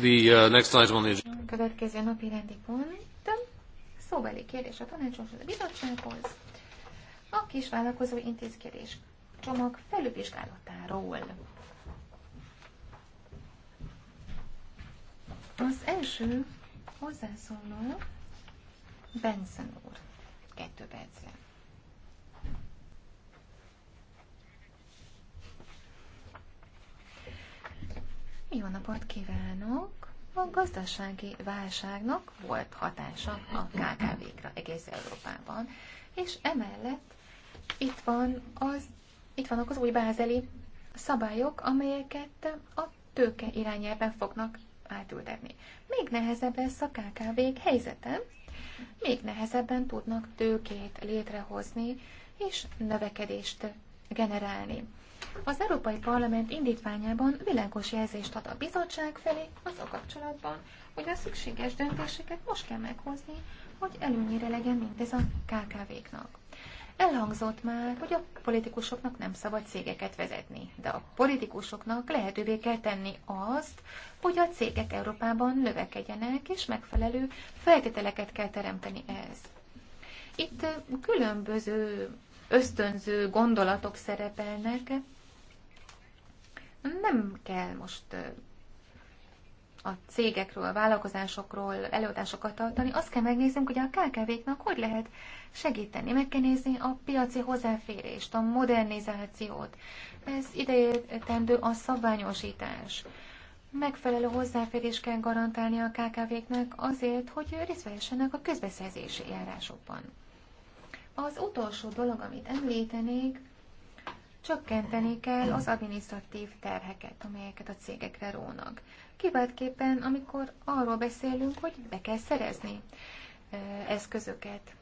The uh, next item on the agenda. Következő napi rendi pont. Szóbeli kérdés a tanácsoshoz a bizottsághoz. A kisvállalkozó intézkedés csomag felülvizsgálatáról. Az első hozzászóló Benson úr. Kettő percre. Jó napot kívánok! A gazdasági válságnak volt hatása a KKV-kra egész Európában, és emellett itt, van az, itt vannak az új bázeli szabályok, amelyeket a tőke irányában fognak átültetni. Még nehezebb lesz a KKV-k helyzete, még nehezebben tudnak tőkét létrehozni és növekedést generálni. Az Európai Parlament indítványában világos jelzést ad a bizottság felé azzal kapcsolatban, hogy a szükséges döntéseket most kell meghozni, hogy előnyére legyen mindez a KKV-knak. Elhangzott már, hogy a politikusoknak nem szabad cégeket vezetni, de a politikusoknak lehetővé kell tenni azt, hogy a cégek Európában növekedjenek, és megfelelő feltételeket kell teremteni ehhez. Itt különböző ösztönző gondolatok szerepelnek, nem kell most a cégekről, a vállalkozásokról előadásokat tartani, azt kell megnéznünk, hogy a KKV-knak hogy lehet segíteni. Meg kell nézni a piaci hozzáférést, a modernizációt. Ez idejétendő a szabványosítás. Megfelelő hozzáférést kell garantálni a KKV-knek azért, hogy részt vehessenek a közbeszerzési járásokban. Az utolsó dolog, amit említenék, Csökkenteni kell az adminisztratív terheket, amelyeket a cégekre rónak. Kiváltképpen, amikor arról beszélünk, hogy be kell szerezni eszközöket.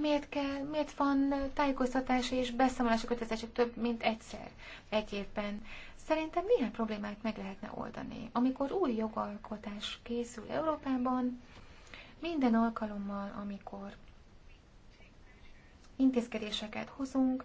Miért, kell, miért van tájékoztatási és beszámolási kötelezettség több, mint egyszer egy évben? Szerintem milyen problémát meg lehetne oldani? Amikor új jogalkotás készül Európában, minden alkalommal, amikor intézkedéseket hozunk,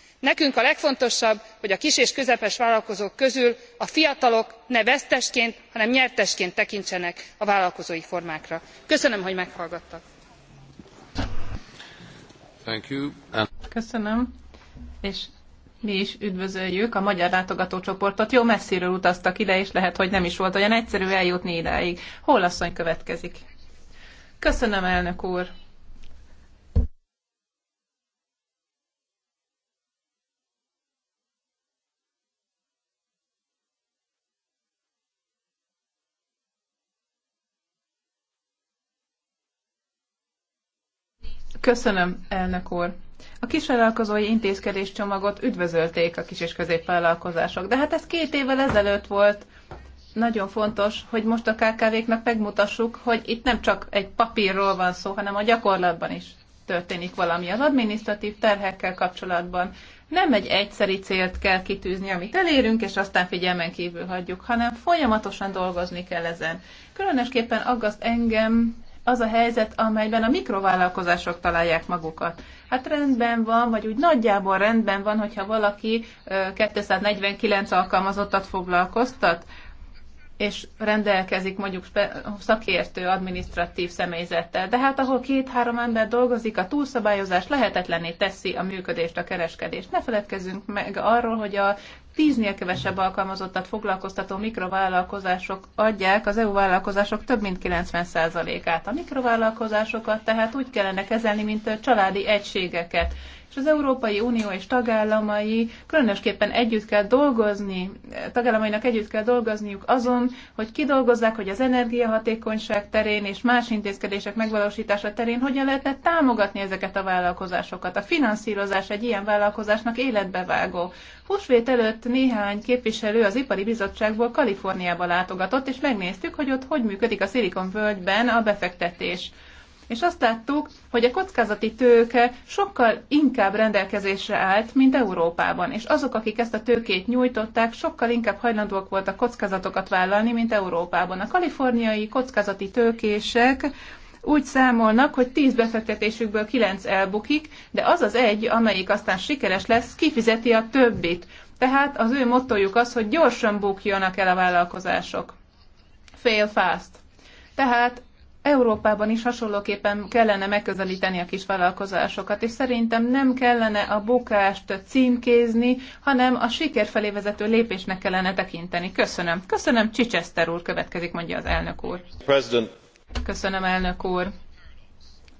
nekünk a legfontosabb hogy a kis és közepes vállalkozók közül a fiatalok ne vesztesként hanem nyertesként tekintsenek a vállalkozói formákra. köszönöm hogy meghallgattak. Köszönöm. És mi is üdvözöljük a magyar látogatócsoportot. Jó messziről utaztak ide, és lehet, hogy nem is volt olyan egyszerű eljutni idáig. Hol asszony következik? Köszönöm, elnök úr! Köszönöm, elnök úr. A kisvállalkozói intézkedés csomagot üdvözölték a kis és középvállalkozások, de hát ez két évvel ezelőtt volt. Nagyon fontos, hogy most a KKV-knak megmutassuk, hogy itt nem csak egy papírról van szó, hanem a gyakorlatban is történik valami az adminisztratív terhekkel kapcsolatban. Nem egy egyszeri célt kell kitűzni, amit elérünk, és aztán figyelmen kívül hagyjuk, hanem folyamatosan dolgozni kell ezen. Különösképpen aggaszt engem az a helyzet, amelyben a mikrovállalkozások találják magukat. Hát rendben van, vagy úgy nagyjából rendben van, hogyha valaki 249 alkalmazottat foglalkoztat, és rendelkezik mondjuk szakértő adminisztratív személyzettel. De hát ahol két-három ember dolgozik, a túlszabályozás lehetetlené teszi a működést, a kereskedést. Ne feledkezzünk meg arról, hogy a tíznél kevesebb alkalmazottat foglalkoztató mikrovállalkozások adják az EU vállalkozások több mint 90%-át. A mikrovállalkozásokat tehát úgy kellene kezelni, mint a családi egységeket, és az Európai Unió és tagállamai különösképpen együtt kell dolgozni, tagállamainak együtt kell dolgozniuk azon, hogy kidolgozzák, hogy az energiahatékonyság terén és más intézkedések megvalósítása terén hogyan lehetne támogatni ezeket a vállalkozásokat. A finanszírozás egy ilyen vállalkozásnak életbevágó. Húsvét előtt néhány képviselő az Ipari Bizottságból Kaliforniába látogatott, és megnéztük, hogy ott hogy működik a Silicon völgyben a befektetés és azt láttuk, hogy a kockázati tőke sokkal inkább rendelkezésre állt, mint Európában. És azok, akik ezt a tőkét nyújtották, sokkal inkább hajlandóak voltak kockázatokat vállalni, mint Európában. A kaliforniai kockázati tőkések úgy számolnak, hogy 10 befektetésükből 9 elbukik, de az az egy, amelyik aztán sikeres lesz, kifizeti a többit. Tehát az ő mottojuk az, hogy gyorsan bukjanak el a vállalkozások. Fail fast. Tehát Európában is hasonlóképpen kellene megközelíteni a kis vállalkozásokat, és szerintem nem kellene a bukást címkézni, hanem a siker felé vezető lépésnek kellene tekinteni. Köszönöm. Köszönöm, Csicseszter úr következik, mondja az elnök úr. President. Köszönöm, elnök úr.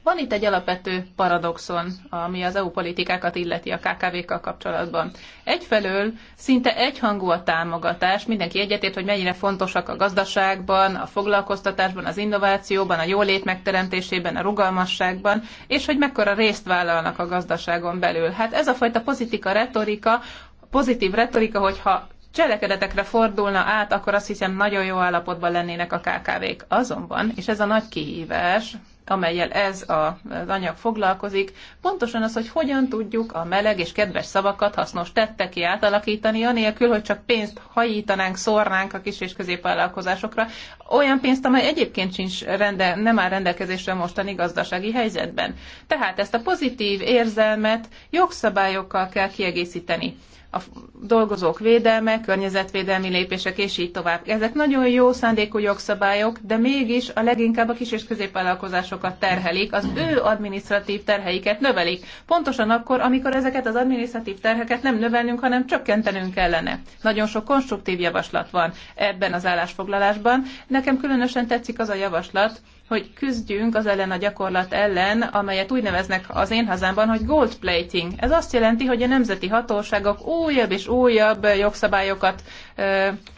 Van itt egy alapvető paradoxon, ami az EU politikákat illeti a KKV-kkal kapcsolatban. Egyfelől szinte egyhangú a támogatás, mindenki egyetért, hogy mennyire fontosak a gazdaságban, a foglalkoztatásban, az innovációban, a jólét megteremtésében, a rugalmasságban, és hogy mekkora részt vállalnak a gazdaságon belül. Hát ez a fajta pozitika retorika, pozitív retorika, hogyha cselekedetekre fordulna át, akkor azt hiszem nagyon jó állapotban lennének a KKV-k. Azonban, és ez a nagy kihívás, amelyel ez a, az anyag foglalkozik, pontosan az, hogy hogyan tudjuk a meleg és kedves szavakat hasznos tetteké átalakítani, anélkül, hogy csak pénzt hajítanánk, szórnánk a kis és középvállalkozásokra, olyan pénzt, amely egyébként sincs rende, nem áll rendelkezésre mostani gazdasági helyzetben. Tehát ezt a pozitív érzelmet jogszabályokkal kell kiegészíteni a dolgozók védelme, környezetvédelmi lépések, és így tovább. Ezek nagyon jó szándékú jogszabályok, de mégis a leginkább a kis és középvállalkozásokat terhelik, az ő adminisztratív terheiket növelik. Pontosan akkor, amikor ezeket az adminisztratív terheket nem növelnünk, hanem csökkentenünk kellene. Nagyon sok konstruktív javaslat van ebben az állásfoglalásban. Nekem különösen tetszik az a javaslat, hogy küzdjünk az ellen a gyakorlat ellen, amelyet úgy neveznek az én hazámban, hogy gold plating. Ez azt jelenti, hogy a nemzeti hatóságok újabb és újabb jogszabályokat,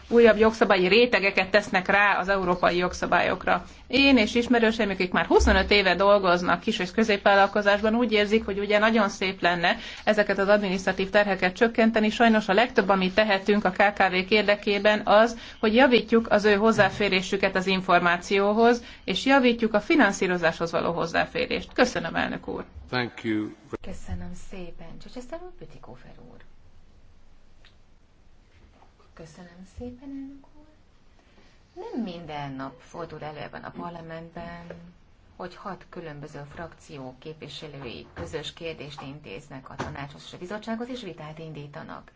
újabb jogszabályi rétegeket tesznek rá az európai jogszabályokra. Én és ismerőseim, akik már 25 éve dolgoznak kis- és középvállalkozásban, úgy érzik, hogy ugye nagyon szép lenne ezeket az administratív terheket csökkenteni. Sajnos a legtöbb, amit tehetünk a KKV-k érdekében az, hogy javítjuk az ő hozzáférésüket az információhoz, és javítjuk a finanszírozáshoz való hozzáférést. Köszönöm, elnök úr! Thank you. Köszönöm szépen. Csacseszter úr, Pütikófer úr. Köszönöm szépen, elnök úr nem minden nap fordul elő ebben a parlamentben, hogy hat különböző frakció képviselői közös kérdést intéznek a tanácshoz és a bizottsághoz, és vitát indítanak.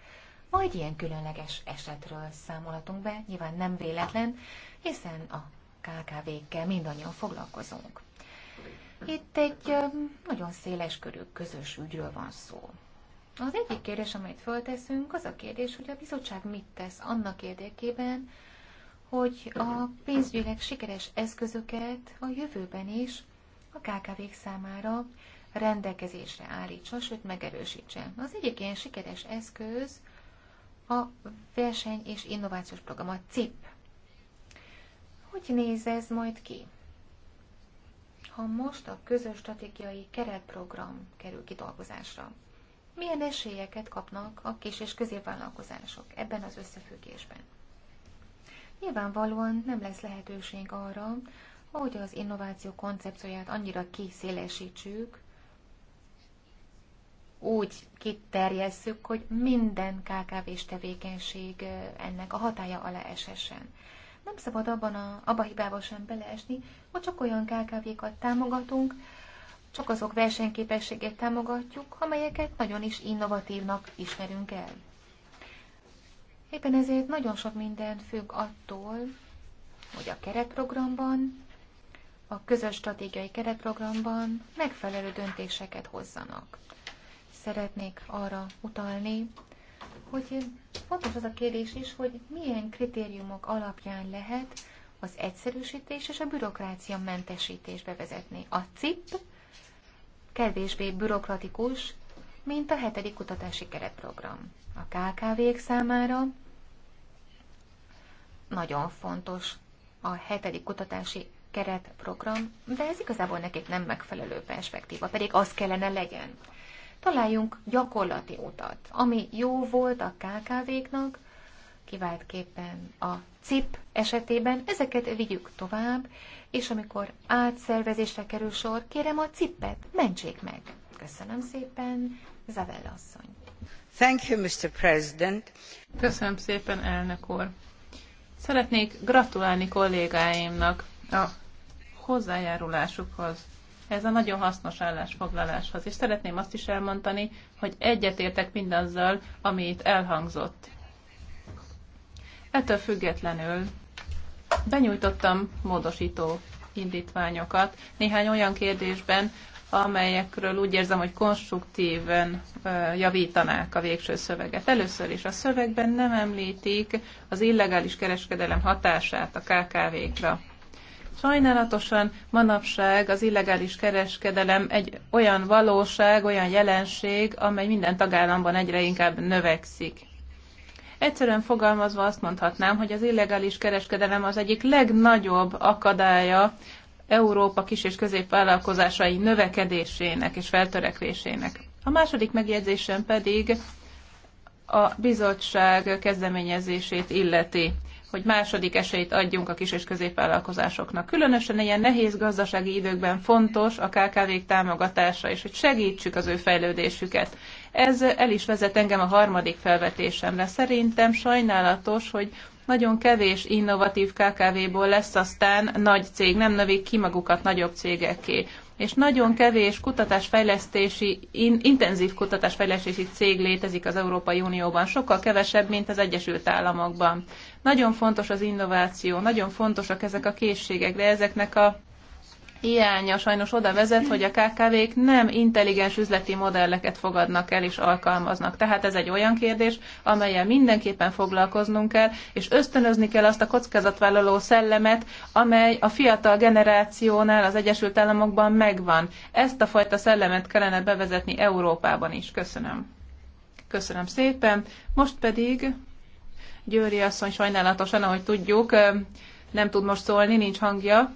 Ma ilyen különleges esetről számolhatunk be, nyilván nem véletlen, hiszen a KKV-kkel mindannyian foglalkozunk. Itt egy nagyon széles körű közös ügyről van szó. Az egyik kérdés, amelyet fölteszünk, az a kérdés, hogy a bizottság mit tesz annak érdekében, hogy a pénzügyileg sikeres eszközöket a jövőben is a kkv számára rendelkezésre állítsa, sőt megerősítse. Az egyik ilyen sikeres eszköz a verseny és innovációs program, a CIP. Hogy néz ez majd ki? Ha most a közös stratégiai keretprogram kerül kidolgozásra, milyen esélyeket kapnak a kis- és középvállalkozások ebben az összefüggésben? nyilvánvalóan nem lesz lehetőség arra, hogy az innováció koncepcióját annyira kiszélesítsük, úgy kiterjesszük, hogy minden KKV-s tevékenység ennek a hatája alá esessen. Nem szabad abban a, abba a hibába sem beleesni, hogy csak olyan KKV-kat támogatunk, csak azok versenyképességét támogatjuk, amelyeket nagyon is innovatívnak ismerünk el. Éppen ezért nagyon sok minden függ attól, hogy a keretprogramban, a közös stratégiai keretprogramban megfelelő döntéseket hozzanak. Szeretnék arra utalni, hogy fontos az a kérdés is, hogy milyen kritériumok alapján lehet az egyszerűsítés és a bürokrácia mentesítés bevezetni. A CIP kevésbé bürokratikus, mint a hetedik kutatási keretprogram a KKV-k számára. Nagyon fontos a hetedik kutatási keretprogram, de ez igazából nekik nem megfelelő perspektíva, pedig az kellene legyen. Találjunk gyakorlati utat, ami jó volt a KKV-knak, kiváltképpen a CIP esetében, ezeket vigyük tovább, és amikor átszervezésre kerül sor, kérem a CIP-et, mentsék meg. Köszönöm szépen, Zavella asszony. Köszönöm szépen, Szeretnék gratulálni kollégáimnak a hozzájárulásukhoz ez a nagyon hasznos állásfoglaláshoz. És szeretném azt is elmondani, hogy egyetértek mindazzal, ami itt elhangzott. Ettől függetlenül benyújtottam módosító indítványokat néhány olyan kérdésben, amelyekről úgy érzem, hogy konstruktíven javítanák a végső szöveget. Először is a szövegben nem említik az illegális kereskedelem hatását a KKV-kra. Sajnálatosan manapság az illegális kereskedelem egy olyan valóság, olyan jelenség, amely minden tagállamban egyre inkább növekszik. Egyszerűen fogalmazva azt mondhatnám, hogy az illegális kereskedelem az egyik legnagyobb akadálya Európa kis- és középvállalkozásai növekedésének és feltörekvésének. A második megjegyzésem pedig a bizottság kezdeményezését illeti hogy második esélyt adjunk a kis- és középvállalkozásoknak. Különösen ilyen nehéz gazdasági időkben fontos a KKV-k támogatása, és hogy segítsük az ő fejlődésüket. Ez el is vezet engem a harmadik felvetésemre. Szerintem sajnálatos, hogy nagyon kevés innovatív KKV-ból lesz aztán nagy cég, nem növik ki magukat nagyobb cégeké és nagyon kevés kutatásfejlesztési, in, intenzív kutatásfejlesztési cég létezik az Európai Unióban, sokkal kevesebb, mint az Egyesült Államokban. Nagyon fontos az innováció, nagyon fontosak ezek a készségek, de ezeknek a hiánya sajnos oda vezet, hogy a KKV-k nem intelligens üzleti modelleket fogadnak el és alkalmaznak. Tehát ez egy olyan kérdés, amelyel mindenképpen foglalkoznunk kell, és ösztönözni kell azt a kockázatvállaló szellemet, amely a fiatal generációnál az Egyesült Államokban megvan. Ezt a fajta szellemet kellene bevezetni Európában is. Köszönöm. Köszönöm szépen. Most pedig Győri asszony sajnálatosan, ahogy tudjuk, nem tud most szólni, nincs hangja,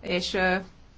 és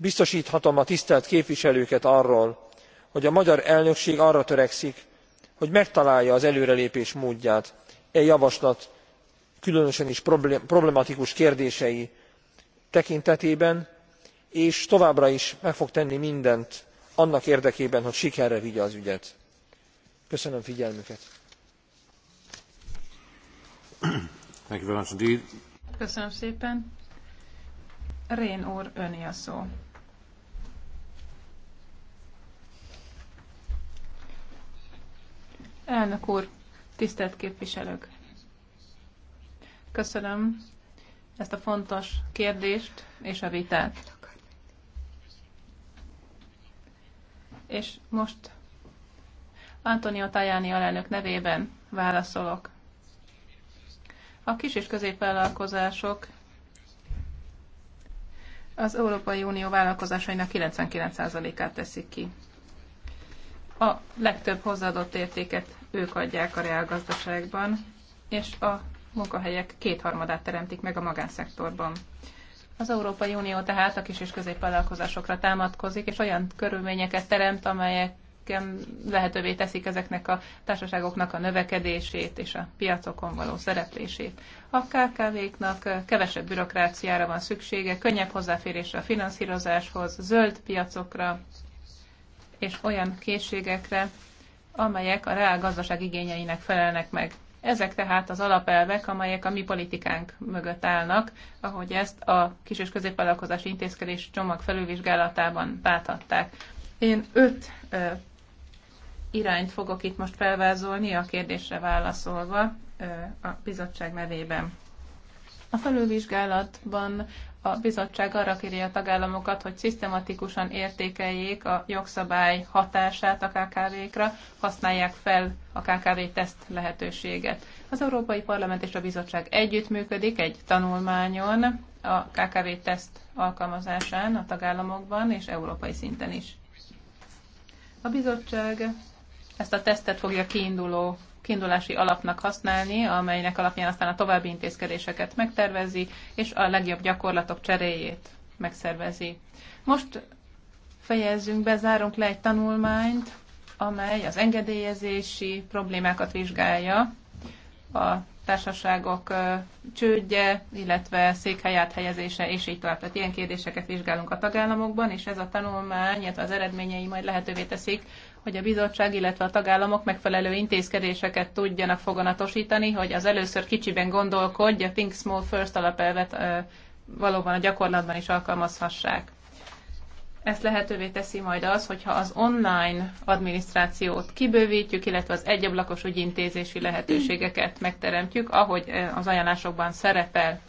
biztosthatom a tisztelt képviselőket arról hogy a magyar elnökség arra törekszik hogy megtalálja az előrelépés módját e javaslat különösen is problematikus kérdései tekintetében és továbbra is meg fog tenni mindent annak érdekében hogy sikerre vigye az ügyet. köszönöm figyelmüket. köszönöm szépen. Elnök úr, tisztelt képviselők! Köszönöm ezt a fontos kérdést és a vitát. És most Antonio Tajani alelnök nevében válaszolok. A kis és középvállalkozások az Európai Unió vállalkozásainak 99%-át teszik ki. A legtöbb hozzáadott értéket ők adják a reálgazdaságban, és a munkahelyek kétharmadát teremtik meg a magánszektorban. Az Európai Unió tehát a kis és középvállalkozásokra támadkozik, és olyan körülményeket teremt, amelyek lehetővé teszik ezeknek a társaságoknak a növekedését és a piacokon való szereplését. A KKV-knak kevesebb bürokráciára van szüksége, könnyebb hozzáférésre a finanszírozáshoz, zöld piacokra, és olyan készségekre, amelyek a reál gazdaság igényeinek felelnek meg. Ezek tehát az alapelvek, amelyek a mi politikánk mögött állnak, ahogy ezt a kis- és középvállalkozási intézkedés csomag felülvizsgálatában láthatták. Én öt ö, irányt fogok itt most felvázolni a kérdésre válaszolva ö, a bizottság nevében. A felülvizsgálatban a bizottság arra kéri a tagállamokat, hogy szisztematikusan értékeljék a jogszabály hatását a KKV-kra, használják fel a KKV teszt lehetőséget. Az Európai Parlament és a bizottság együttműködik egy tanulmányon a KKV teszt alkalmazásán a tagállamokban és európai szinten is. A bizottság ezt a tesztet fogja kiinduló kiindulási alapnak használni, amelynek alapján aztán a további intézkedéseket megtervezi, és a legjobb gyakorlatok cseréjét megszervezi. Most fejezzünk be, zárunk le egy tanulmányt, amely az engedélyezési problémákat vizsgálja, a társaságok csődje, illetve székhelyát helyezése, és így tovább. Tehát ilyen kérdéseket vizsgálunk a tagállamokban, és ez a tanulmány, illetve az eredményei majd lehetővé teszik hogy a bizottság, illetve a tagállamok megfelelő intézkedéseket tudjanak foganatosítani, hogy az először kicsiben gondolkodj, a Think Small First alapelvet valóban a gyakorlatban is alkalmazhassák. Ezt lehetővé teszi majd az, hogyha az online adminisztrációt kibővítjük, illetve az egyablakos ügyintézési lehetőségeket megteremtjük, ahogy az ajánlásokban szerepel.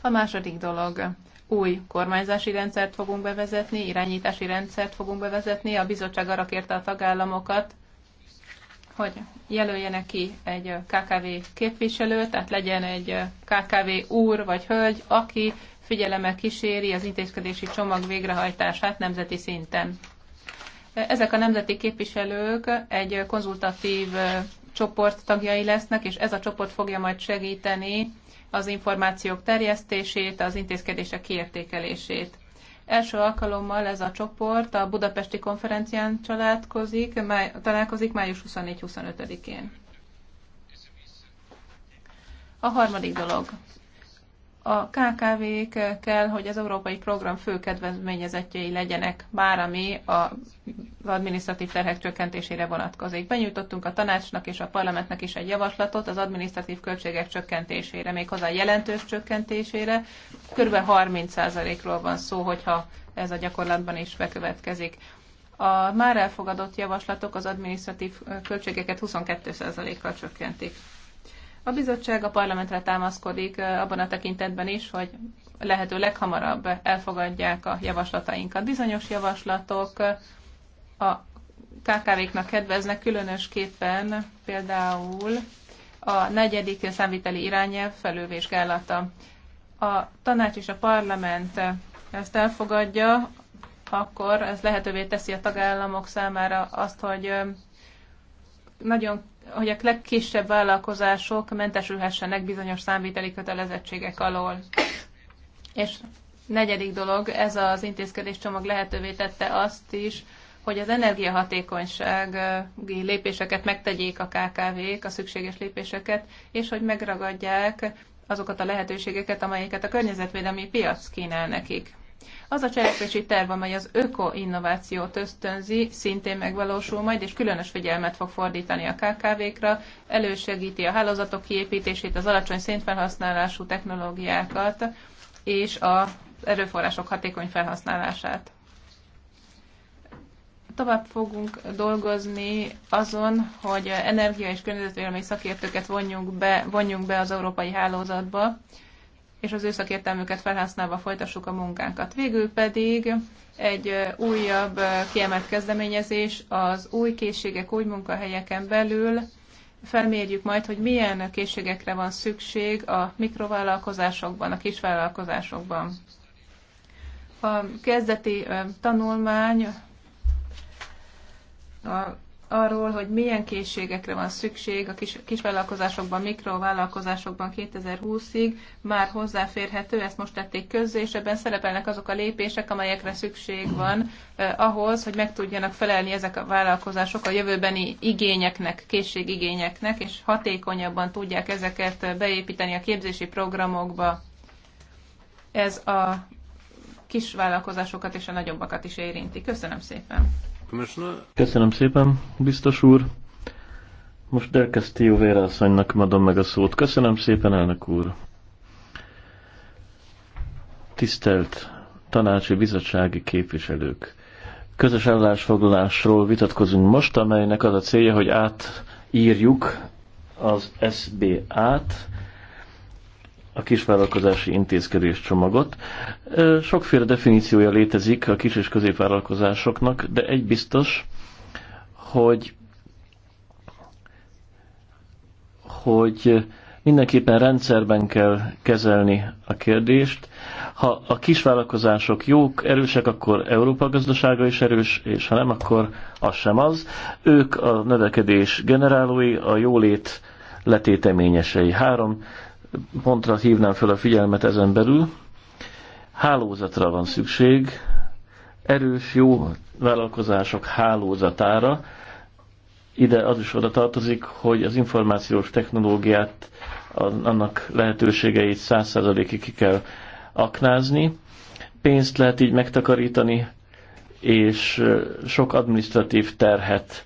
A második dolog új kormányzási rendszert fogunk bevezetni, irányítási rendszert fogunk bevezetni. A bizottság arra kérte a tagállamokat, hogy jelöljenek ki egy KKV képviselőt, tehát legyen egy KKV úr vagy hölgy, aki figyelemmel kíséri az intézkedési csomag végrehajtását nemzeti szinten. Ezek a nemzeti képviselők egy konzultatív csoport tagjai lesznek, és ez a csoport fogja majd segíteni az információk terjesztését, az intézkedések kiértékelését. Első alkalommal ez a csoport a budapesti konferencián találkozik, máj, találkozik május 24-25-én. A harmadik dolog. A KKV-k kell, hogy az európai program fő kedvezményezettjei legyenek, bár ami az adminisztratív terhek csökkentésére vonatkozik. Benyújtottunk a tanácsnak és a parlamentnek is egy javaslatot az adminisztratív költségek csökkentésére, méghozzá jelentős csökkentésére. Körülbelül 30%-ról van szó, hogyha ez a gyakorlatban is bekövetkezik. A már elfogadott javaslatok az adminisztratív költségeket 22%-kal csökkentik. A bizottság a parlamentre támaszkodik abban a tekintetben is, hogy lehető leghamarabb elfogadják a javaslatainkat. Bizonyos javaslatok a KKV-knak kedveznek, különösképpen például a negyedik számviteli irányelv felülvizsgálata. A tanács és a parlament ezt elfogadja, akkor ez lehetővé teszi a tagállamok számára azt, hogy nagyon hogy a legkisebb vállalkozások mentesülhessenek bizonyos számviteli kötelezettségek alól. És negyedik dolog, ez az intézkedés csomag lehetővé tette azt is, hogy az energiahatékonysági lépéseket megtegyék a KKV-k, a szükséges lépéseket, és hogy megragadják azokat a lehetőségeket, amelyeket a környezetvédelmi piac kínál nekik. Az a cselekvési terv, amely az öko-innovációt ösztönzi, szintén megvalósul majd, és különös figyelmet fog fordítani a KKV-kra, elősegíti a hálózatok kiépítését, az alacsony szintfelhasználású technológiákat és az erőforrások hatékony felhasználását tovább fogunk dolgozni azon, hogy energia és környezetvédelmi szakértőket vonjunk be, vonjunk be az európai hálózatba, és az ő szakértelmüket felhasználva folytassuk a munkánkat. Végül pedig egy újabb kiemelt kezdeményezés az új készségek, új munkahelyeken belül felmérjük majd, hogy milyen készségekre van szükség a mikrovállalkozásokban, a kisvállalkozásokban. A kezdeti tanulmány a arról, hogy milyen készségekre van szükség a kis, kisvállalkozásokban, mikrovállalkozásokban 2020-ig már hozzáférhető, ezt most tették közzé, és ebben szerepelnek azok a lépések, amelyekre szükség van eh, ahhoz, hogy meg tudjanak felelni ezek a vállalkozások a jövőbeni igényeknek, készségigényeknek, és hatékonyabban tudják ezeket beépíteni a képzési programokba. Ez a kisvállalkozásokat és a nagyobbakat is érinti. Köszönöm szépen! Köszönöm szépen, biztos úr. Most Del Castillo vérászonynak adom meg a szót. Köszönöm szépen, elnök úr. Tisztelt tanácsi bizottsági képviselők! Közös állásfoglalásról vitatkozunk most, amelynek az a célja, hogy átírjuk az SBA-t, a kisvállalkozási intézkedés csomagot. Sokféle definíciója létezik a kis és középvállalkozásoknak, de egy biztos, hogy hogy mindenképpen rendszerben kell kezelni a kérdést. Ha a kisvállalkozások jók, erősek, akkor Európa gazdasága is erős, és ha nem, akkor az sem az. Ők a növekedés generálói, a jólét letéteményesei. Három pontra hívnám fel a figyelmet ezen belül. Hálózatra van szükség, erős, jó vállalkozások hálózatára. Ide az is oda tartozik, hogy az információs technológiát, annak lehetőségeit száz ki kell aknázni. Pénzt lehet így megtakarítani, és sok administratív terhet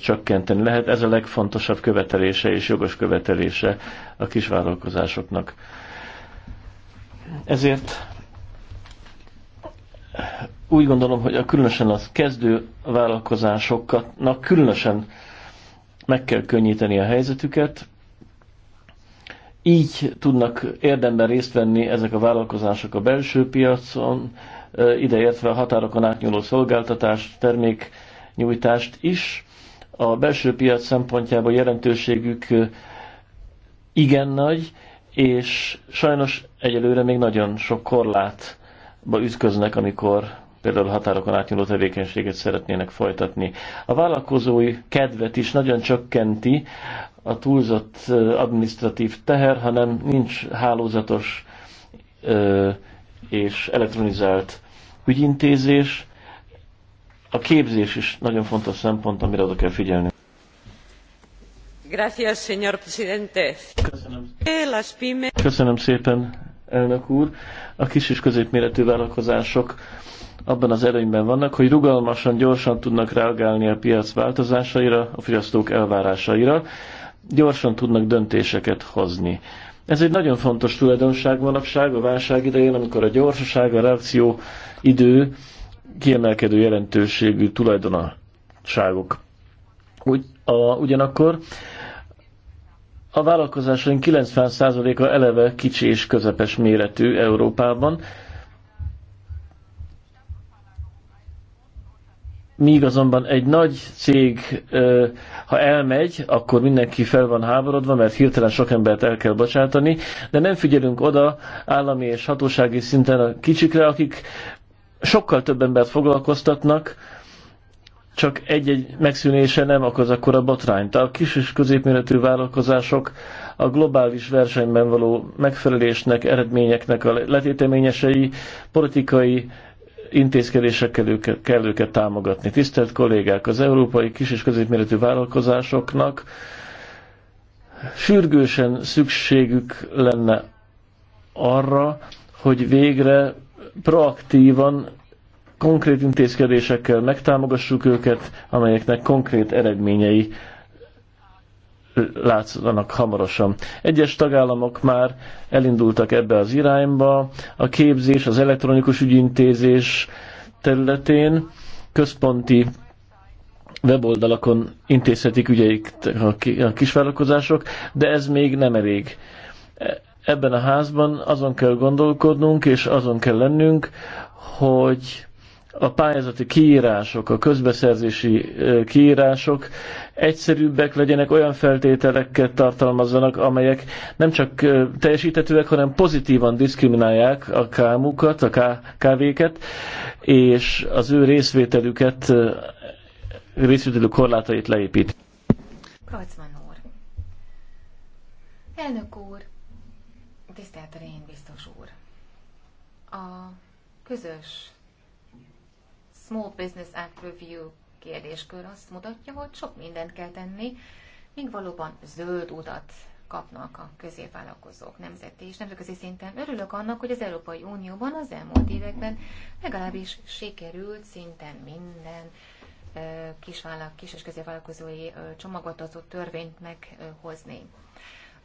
csökkenteni lehet. Ez a legfontosabb követelése és jogos követelése a kisvállalkozásoknak. Ezért úgy gondolom, hogy a különösen az kezdő vállalkozásoknak különösen meg kell könnyíteni a helyzetüket, így tudnak érdemben részt venni ezek a vállalkozások a belső piacon, ideértve a határokon átnyúló szolgáltatást, terméknyújtást is, a belső piac szempontjából jelentőségük igen nagy, és sajnos egyelőre még nagyon sok korlátba ütköznek, amikor például határokon átnyúló tevékenységet szeretnének folytatni. A vállalkozói kedvet is nagyon csökkenti a túlzott administratív teher, hanem nincs hálózatos és elektronizált ügyintézés, a képzés is nagyon fontos szempont, amire oda kell figyelni. Gracias, señor presidente. Köszönöm. Köszönöm szépen, elnök úr. A kis és középméretű vállalkozások abban az előnyben vannak, hogy rugalmasan, gyorsan tudnak reagálni a piac változásaira, a fogyasztók elvárásaira, gyorsan tudnak döntéseket hozni. Ez egy nagyon fontos tulajdonság manapság a válság idején, amikor a gyorsaság, a reakció idő kiemelkedő jelentőségű tulajdonaságok. Ugy, a, ugyanakkor a vállalkozásaink 90%-a eleve kicsi és közepes méretű Európában, míg azonban egy nagy cég, ha elmegy, akkor mindenki fel van háborodva, mert hirtelen sok embert el kell bocsátani, de nem figyelünk oda állami és hatósági szinten a kicsikre, akik sokkal több embert foglalkoztatnak, csak egy-egy megszűnése nem okoz akkor a botrányt. A kis és középméretű vállalkozások a globális versenyben való megfelelésnek, eredményeknek a letéteményesei politikai intézkedésekkel őket, kell őket támogatni. Tisztelt kollégák, az európai kis és középméretű vállalkozásoknak sürgősen szükségük lenne arra, hogy végre proaktívan konkrét intézkedésekkel megtámogassuk őket, amelyeknek konkrét eredményei látszanak hamarosan. Egyes tagállamok már elindultak ebbe az irányba, a képzés, az elektronikus ügyintézés területén központi weboldalakon intézhetik ügyeik a kisvállalkozások, de ez még nem elég ebben a házban azon kell gondolkodnunk, és azon kell lennünk, hogy a pályázati kiírások, a közbeszerzési kiírások egyszerűbbek legyenek, olyan feltételeket tartalmazzanak, amelyek nem csak teljesítetőek, hanem pozitívan diszkriminálják a kámukat, a kávéket, és az ő részvételüket, részvételük korlátait leépít. Kacman úr. Elnök úr, közös Small Business Act Review kérdéskör azt mutatja, hogy sok mindent kell tenni, míg valóban zöld utat kapnak a középvállalkozók nemzeti és nemzetközi szinten. Örülök annak, hogy az Európai Unióban az elmúlt években legalábbis sikerült szinten minden kisvállal, kis és középvállalkozói csomagot adott törvényt meghozni.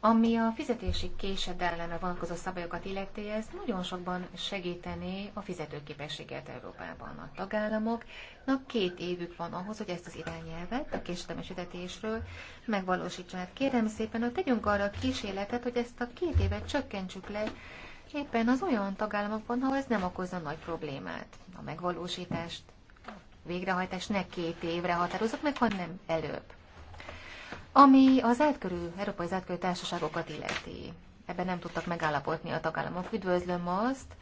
Ami a fizetési késedelemre vonatkozó szabályokat illeti, ez nagyon sokban segítené a fizetőképességet Európában. A tagállamoknak két évük van ahhoz, hogy ezt az irányelvet a késedelmes fizetésről megvalósítsák. Kérem szépen, hogy tegyünk arra a kísérletet, hogy ezt a két évet csökkentsük le, éppen az olyan tagállamokban, ahol ez nem okozza nagy problémát. A megvalósítást, a végrehajtást ne két évre határozok meg, hanem előbb. Ami az átkörű, európai átkerű társaságokat illeti, ebben nem tudtak megállapodni a tagállamok. Üdvözlöm azt,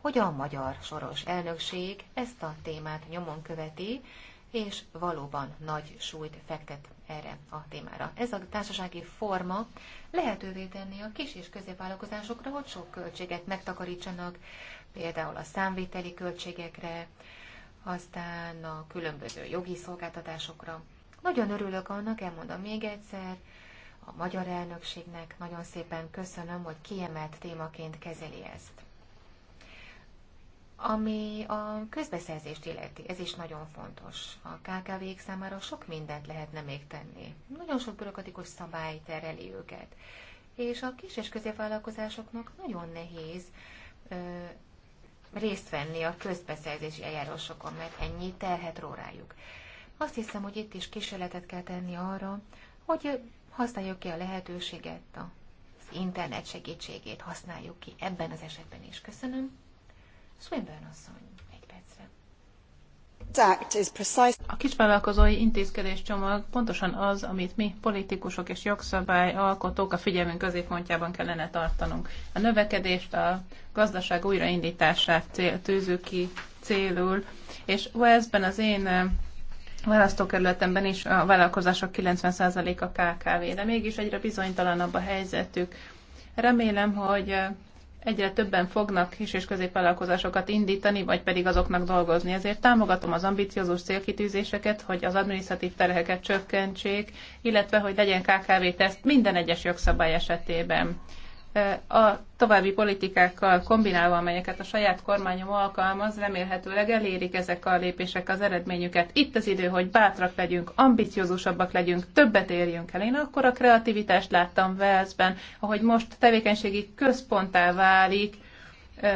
hogy a magyar soros elnökség ezt a témát nyomon követi, és valóban nagy súlyt fektet erre a témára. Ez a társasági forma lehetővé tenni a kis és középvállalkozásokra, hogy sok költséget megtakarítsanak, például a számvételi költségekre, aztán a különböző jogi szolgáltatásokra. Nagyon örülök annak, elmondom még egyszer, a magyar elnökségnek nagyon szépen köszönöm, hogy kiemelt témaként kezeli ezt. Ami a közbeszerzést illeti, ez is nagyon fontos. A KKV-k számára sok mindent lehetne még tenni. Nagyon sok bürokratikus szabály tereli őket. És a kis és középvállalkozásoknak nagyon nehéz ö, részt venni a közbeszerzési eljárásokon, mert ennyi terhet rórájuk. rájuk. Azt hiszem, hogy itt is kísérletet kell tenni arra, hogy használjuk ki a lehetőséget, az internet segítségét használjuk ki ebben az esetben is. Köszönöm. Swinburne asszony, egy percre. A kisvállalkozói intézkedés csomag pontosan az, amit mi politikusok és jogszabályalkotók a figyelmünk középpontjában kellene tartanunk. A növekedést, a gazdaság újraindítását tűzük ki célul, és ezben az én választókerületemben is a vállalkozások 90%-a KKV, de mégis egyre bizonytalanabb a helyzetük. Remélem, hogy egyre többen fognak kis- és középvállalkozásokat indítani, vagy pedig azoknak dolgozni. Ezért támogatom az ambiciózus célkitűzéseket, hogy az adminisztratív terheket csökkentsék, illetve hogy legyen KKV teszt minden egyes jogszabály esetében a további politikákkal kombinálva, amelyeket a saját kormányom alkalmaz, remélhetőleg elérik ezek a lépések az eredményüket. Itt az idő, hogy bátrak legyünk, ambiciózusabbak legyünk, többet érjünk el. Én akkor a kreativitást láttam Velszben, ahogy most tevékenységi központtá válik,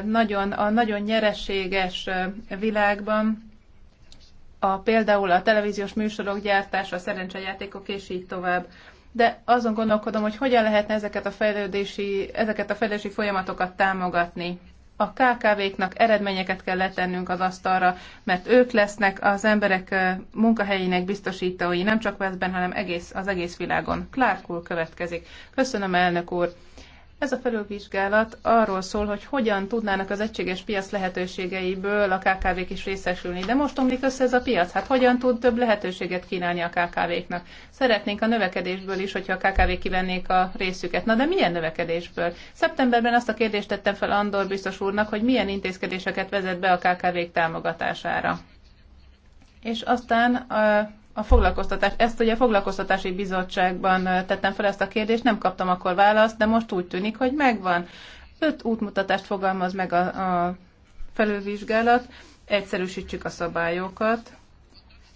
nagyon, a nagyon nyereséges világban, a, például a televíziós műsorok gyártása, a szerencsejátékok és így tovább de azon gondolkodom, hogy hogyan lehetne ezeket a fejlődési, ezeket a fejlődési folyamatokat támogatni. A KKV-knak eredményeket kell letennünk az asztalra, mert ők lesznek az emberek munkahelyének biztosítói, nem csak Veszben, hanem egész, az egész világon. Clark úr következik. Köszönöm, elnök úr! Ez a felülvizsgálat arról szól, hogy hogyan tudnának az egységes piac lehetőségeiből a KKV-k is részesülni. De most omlik össze ez a piac. Hát hogyan tud több lehetőséget kínálni a KKV-knak? Szeretnénk a növekedésből is, hogyha a KKV kivennék a részüket. Na de milyen növekedésből? Szeptemberben azt a kérdést tettem fel Andor biztos úrnak, hogy milyen intézkedéseket vezet be a KKV-k támogatására. És aztán a foglalkoztatás, ezt ugye a foglalkoztatási bizottságban tettem fel ezt a kérdést, nem kaptam akkor választ, de most úgy tűnik, hogy megvan. Öt útmutatást fogalmaz meg a, a felülvizsgálat, egyszerűsítsük a szabályokat,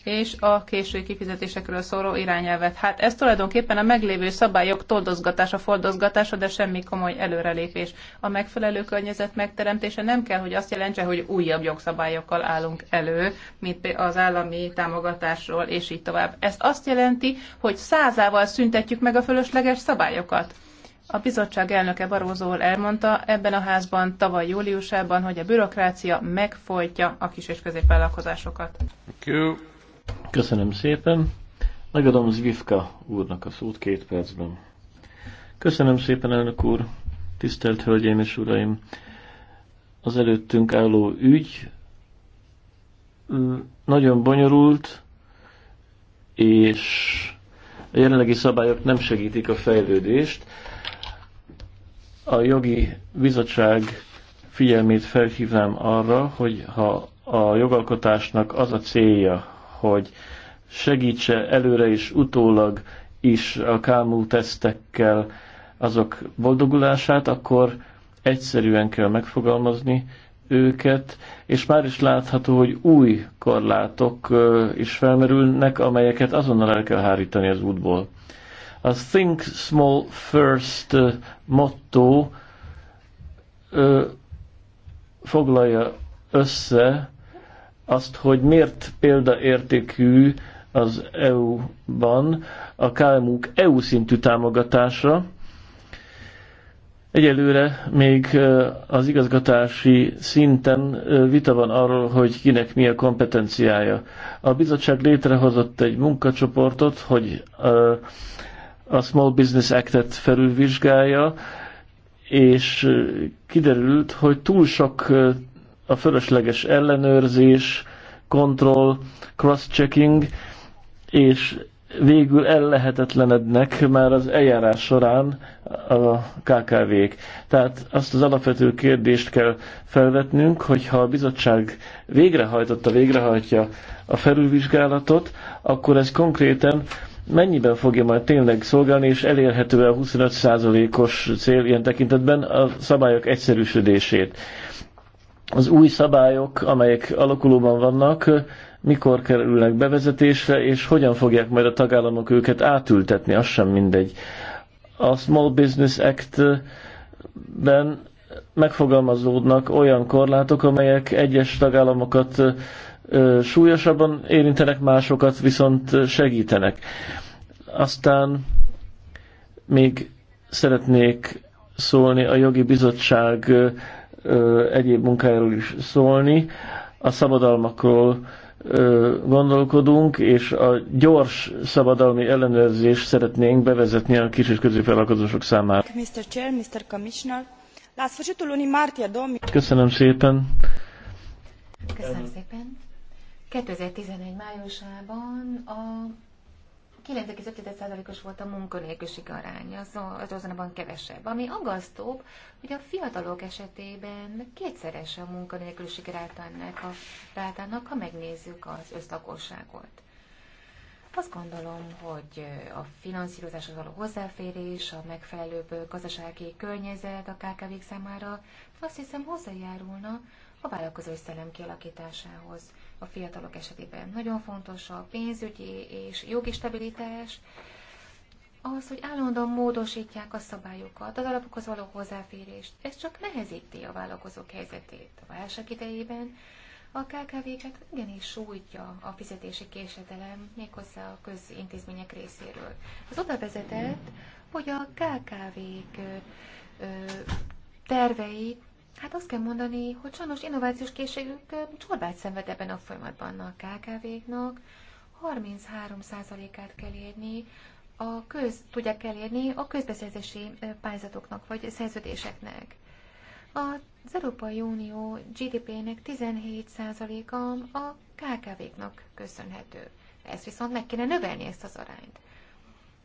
és a késői kifizetésekről szóló irányelvet. Hát ez tulajdonképpen a meglévő szabályok toldozgatása, fordozgatása, de semmi komoly előrelépés. A megfelelő környezet megteremtése nem kell, hogy azt jelentse, hogy újabb jogszabályokkal állunk elő, mint az állami támogatásról, és így tovább. Ez azt jelenti, hogy százával szüntetjük meg a fölösleges szabályokat. A bizottság elnöke Barózó elmondta ebben a házban tavaly júliusában, hogy a bürokrácia megfolytja a kis és középvállalkozásokat. Thank you. Köszönöm szépen. Megadom Zvivka úrnak a szót két percben. Köszönöm szépen, elnök úr, tisztelt hölgyeim és uraim. Az előttünk álló ügy nagyon bonyolult, és a jelenlegi szabályok nem segítik a fejlődést. A jogi bizottság figyelmét felhívnám arra, hogy ha a jogalkotásnak az a célja, hogy segítse előre és utólag is a kámú tesztekkel azok boldogulását, akkor egyszerűen kell megfogalmazni őket, és már is látható, hogy új korlátok is felmerülnek, amelyeket azonnal el kell hárítani az útból. A Think Small First motto foglalja össze azt, hogy miért példaértékű az EU-ban a KMU-k EU szintű támogatásra. Egyelőre még az igazgatási szinten vita van arról, hogy kinek mi a kompetenciája. A bizottság létrehozott egy munkacsoportot, hogy a Small Business Act-et felülvizsgálja, és kiderült, hogy túl sok a fölösleges ellenőrzés, kontroll, cross-checking, és végül ellehetetlenednek már az eljárás során a KKV-k. Tehát azt az alapvető kérdést kell felvetnünk, hogy ha a bizottság végrehajtotta, végrehajtja a felülvizsgálatot, akkor ez konkrétan mennyiben fogja majd tényleg szolgálni, és elérhető a 25%-os cél ilyen tekintetben a szabályok egyszerűsödését az új szabályok, amelyek alakulóban vannak, mikor kerülnek bevezetésre, és hogyan fogják majd a tagállamok őket átültetni, az sem mindegy. A Small Business Act-ben megfogalmazódnak olyan korlátok, amelyek egyes tagállamokat súlyosabban érintenek, másokat viszont segítenek. Aztán még szeretnék szólni a jogi bizottság egyéb munkáról is szólni. A szabadalmakról gondolkodunk, és a gyors szabadalmi ellenőrzést szeretnénk bevezetni a kis és középvállalkozások számára. Mr. Chair, Mr. Commissioner, la sfârșitul lunii martie 2000... Köszönöm szépen. Köszönöm szépen. 2011 májusában a 9,5%-os volt a munkanélküliség aránya, szóval az azonban kevesebb. Ami aggasztóbb, hogy a fiatalok esetében kétszeres a munkanélküliség rátának, a, rátának, ha megnézzük az összlakosságot. Azt gondolom, hogy a finanszírozáshoz való hozzáférés, a megfelelőbb gazdasági környezet a kkv számára azt hiszem hozzájárulna a vállalkozói szellem kialakításához a fiatalok esetében. Nagyon fontos a pénzügyi és jogi stabilitás, az, hogy állandóan módosítják a szabályokat, az alapokhoz való hozzáférést, ez csak nehezíti a vállalkozók helyzetét. A válság idejében a KKV-ket igenis sújtja a fizetési késedelem, méghozzá a közintézmények részéről. Az oda vezetett, hogy a KKV-k terveit Hát azt kell mondani, hogy sajnos innovációs készségük csorbát szenved ebben a folyamatban a KKV-knak. 33%-át kell érni, a köz, tudják elérni a közbeszerzési pályázatoknak vagy szerződéseknek. Az Európai Unió GDP-nek 17%-a a KKV-knak köszönhető. Ezt viszont meg kéne növelni ezt az arányt.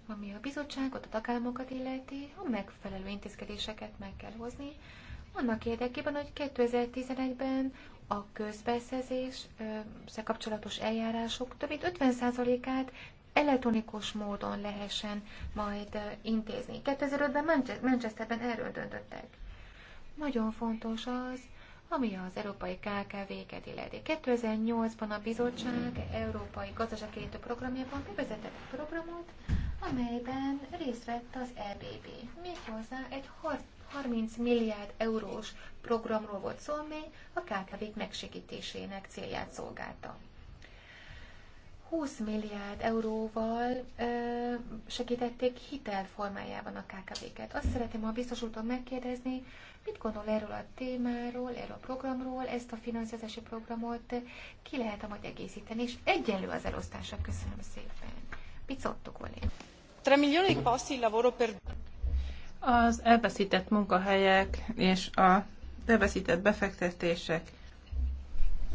Ami a bizottságot, a tagállamokat illeti, a megfelelő intézkedéseket meg kell hozni, annak érdekében, hogy 2011-ben a közbeszerzéssel kapcsolatos eljárások több mint 50%-át elektronikus módon lehessen majd intézni. 2005-ben Manchesterben erről döntöttek. Nagyon fontos az, ami az európai KKV-ket illeti. 2008-ban a bizottság Európai gazdaságkérdő Programjában bevezetett egy programot, amelyben részt vett az EBB, méghozzá egy 30 milliárd eurós programról volt szó, amely a KKV-k megsegítésének célját szolgálta. 20 milliárd euróval ö, segítették hitel formájában a KKV-ket. Azt szeretném a biztos úton megkérdezni, mit gondol erről a témáról, erről a programról, ezt a finanszírozási programot ki lehet -e majd egészíteni, és egyenlő az elosztása. Köszönöm szépen. Picotto 3 milioni di posti di lavoro per az elveszített munkahelyek és a elveszített befektetések.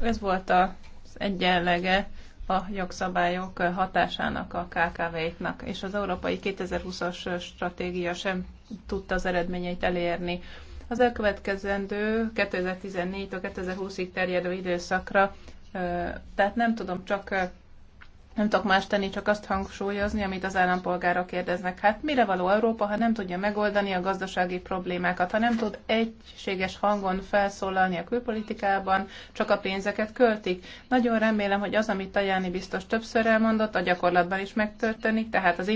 Ez volt az egyenlege a jogszabályok hatásának a KKV-knak, és az Európai 2020-as stratégia sem tudta az eredményeit elérni. Az elkövetkezendő 2014-2020-ig terjedő időszakra, tehát nem tudom csak nem tudok más tenni, csak azt hangsúlyozni, amit az állampolgárok kérdeznek. Hát mire való Európa, ha nem tudja megoldani a gazdasági problémákat, ha nem tud egységes hangon felszólalni a külpolitikában, csak a pénzeket költik? Nagyon remélem, hogy az, amit Tajáni biztos többször elmondott, a gyakorlatban is megtörténik, tehát az